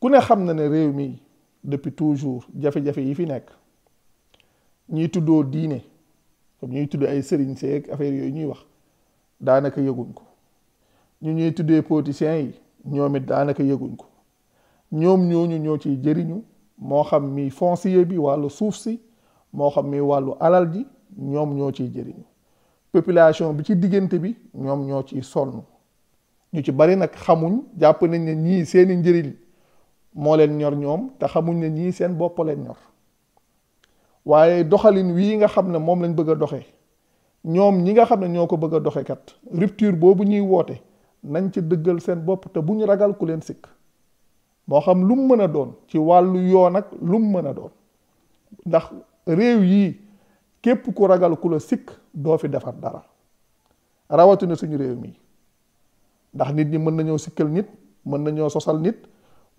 ku ne xam na ne réew mi depuis toujours jafe-jafe yi fi nekk ñiy tuddoo diine comme ñuy tuddee ay sëriñ seeg affaire yooyu ñuy wax daanaka yëguñ ko ñu ñuy tuddee politiciens yi ñoom it daanaka yëguñ ko ñoom ñu ñoo ciy jëriñu moo xam mi foncier bi wàllu suuf si moo xam mi wàllu alal ji ñoom ñoo ciy jëriñu population bi ci diggante bi ñoom ñoo ciy sonn ñu ci bari nag xamuñ jàpp nañ ne ñii seeni njëriñ moo leen ñor ñoom te xamuñ ne ñii seen bopp leen ñor waaye doxalin wii nga xam ne moom lañ bëgg a doxee ñoom ñi nga xam ne ñoo ko bëgg a doxee kat rupture boobu ñuy woote nañ ci dëggal seen bopp te bu ñu ragal ku leen sikk moo xam lu mu mën a doon ci wàllu yoon ak lu mu mën a doon ndax réew yii képp ku ragal ku la sikk doo fi defar dara rawatina suñu réew mi ndax nit ñi mën nañoo sikkal nit mën nañoo sosal nit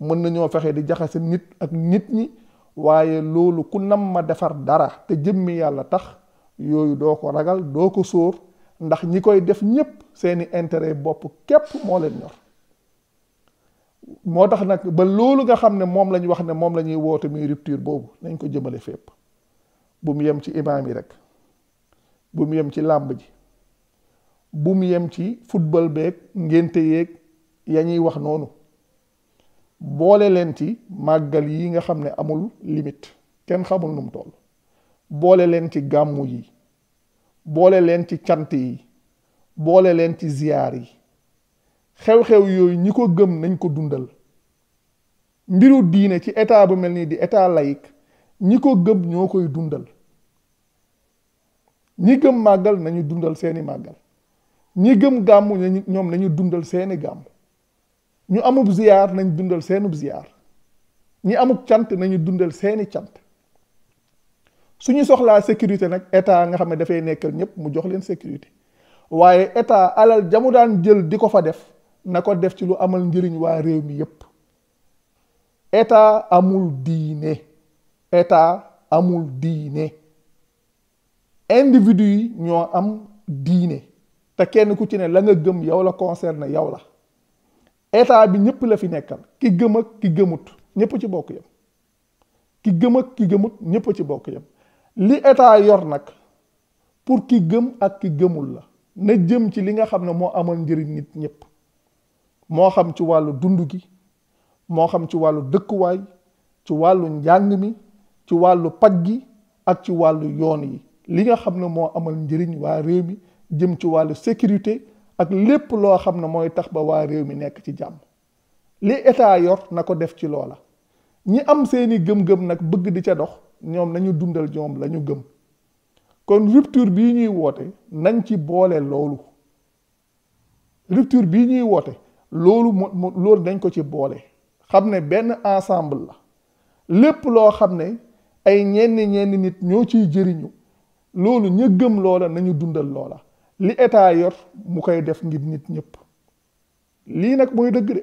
mën nañoo fexe di jaxase nit ak nit ñi waaye loolu ku nam ma defar dara te jëmmi yàlla tax yooyu doo ko ragal doo ko sóor ndax ñi koy def ñépp seeni intérêt bopp képp moo leen ñor moo tax nag ba loolu nga xam ne moom lañ wax ne moom la ñuy woote muy rupture boobu nañ ko jëmale fépp bu mu yem ci imaam yi rek bu mu yem ci làmb ji bu mu yem ci football beek ngénte yeeg ya ñuy wax noonu boole leen ci màggal yi nga xam ne amul limit kenn xamul nu mu toll boole leen ci gàmmu yi boole leen ci cant yi boole leen ci ziyaar yi xew-xew yooyu ñi ko gëm nañ ko dundal mbiru diine ci état bu mel nii di état laïque ñi ko gëm ñoo koy dundal ñi gëm màggal nañu dundal seeni màggal ñi gëm gàmmu ñoom nañu dundal seeni gàmmu ñu amub ziyaar nañ dundal seenub ziyaar ñi amub cant nañu dundal seeni cant suñu soxlaa sécurité nag état nga xam ne dafay nekkal ñëpp mu jox leen sécurité waaye état alal jamu daan jël di ko fa def na ko def ci lu amal njëriñ waa réew mi yépp état amul diine état amul diine individu yi ñoo am diine te kenn ku ci ne la nga gëm yow la concerné yow la état bi ñëpp la fi nekkal ki gëm ak ki gëmut ñëpp ci bokk yam ki gëm ak ki gëmut ñëpp ci bokk yam li état yor nag pour ki gëm ak ki gëmul la na jëm ci li nga xam ne moo amal njëriñ nit ñëpp moo xam ci wàllu dund gi moo xam ci wàllu dëkkuwaay ci wàllu njàng mi ci wàllu paj gi ak ci wàllu yoon yi li nga xam ne moo amal njëriñ waa réew mi jëm ci wàllu sécurité ak lépp loo xam ne mooy tax ba waa réew mi nekk ci jàmm li état yor na ko def ci loola ñi am seeni gëm-gëm nag bëgg di ca dox ñoom nañu dundal ñoom lañu gëm kon rupture bii ñuy woote nañ ci boole loolu rupture bii ñuy woote loolu mo loolu dañ ko ci boole xam ne benn ensemble la lépp loo xam ne ay ñenn ñenn nit ñoo ciy jëriñu loolu ña gëm loola nañu dundal loola li état yor mu koy def ngir nit ñépp lii nag mooy dëgg de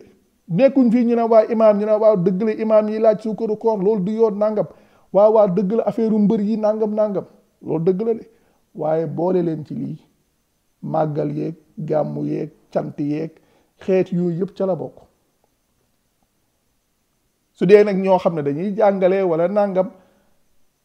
nekkuñ fii ñu ne waa imaam ñu ne waa dëgg la imaam yi laaj suukaru koor loolu du yoon nangam waa dëgg la affaire mbër yi nangam nangam loolu dëgg la de waaye boole leen ci lii màggal yeeg gàmmu yeeg cant yeeg xeet yooyu yëpp ca la bokk su dee nag ñoo xam ne dañuy jàngale wala nangam.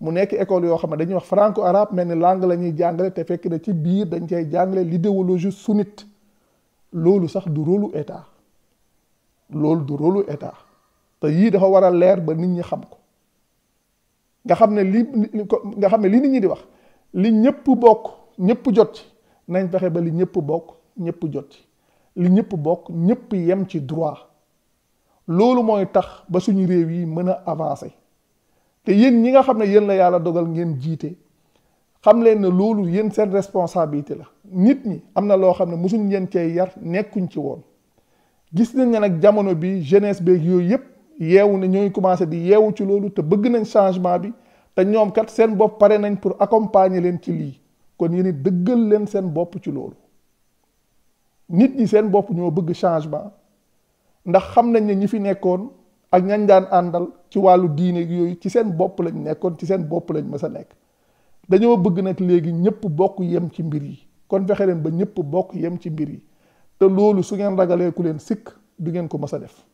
mu nekk école yoo xam ne dañuy wax franco arabe mel ni langue la ñuy jàngale te fekk na ci biir dañ cay jàngale su nit loolu sax du rôlu état loolu du rôlu état te yii dafa war a leer ba nit ñi xam ko nga xam ne li nga xam ne li nit ñi di wax li ñëpp bokk ñëpp jot ci nañ fexe ba li ñëpp bokk ñëpp jot ci li ñëpp bokk ñëpp yem ci droit loolu mooy tax ba suñu réew yi mën a avancé te yéen ñi nga xam ne yéen la yàlla dogal ngeen jiite xam leen ne loolu yéen seen responsabilité la nit ñi am na loo xam ne mosuñ ngeen cee yar nekkuñ ci woon gis nañ ne nag jamono bi jeunesse beeg yooyu yëpp yeewu ne ñooy commencé di yeewu ci loolu te bëgg nañ changement bi te ñoom kat seen bopp pare nañ pour accompagner leen ci lii kon yéen it dëggal leen seen bopp ci loolu nit ñi seen bopp ñoo bëgg changement ndax xam nañ ne ñi fi nekkoon ak ñañ daan àndal ci wàllu diine yooyu ci seen bopp lañ nekkoon ci seen bopp lañ mës a nekk dañoo bëgg nag léegi ñëpp bokk yem ci mbir yi kon fexe leen ba ñëpp bokk yem ci mbir yi te loolu su ngeen ragalee ku leen sikk du ngeen ko mës a def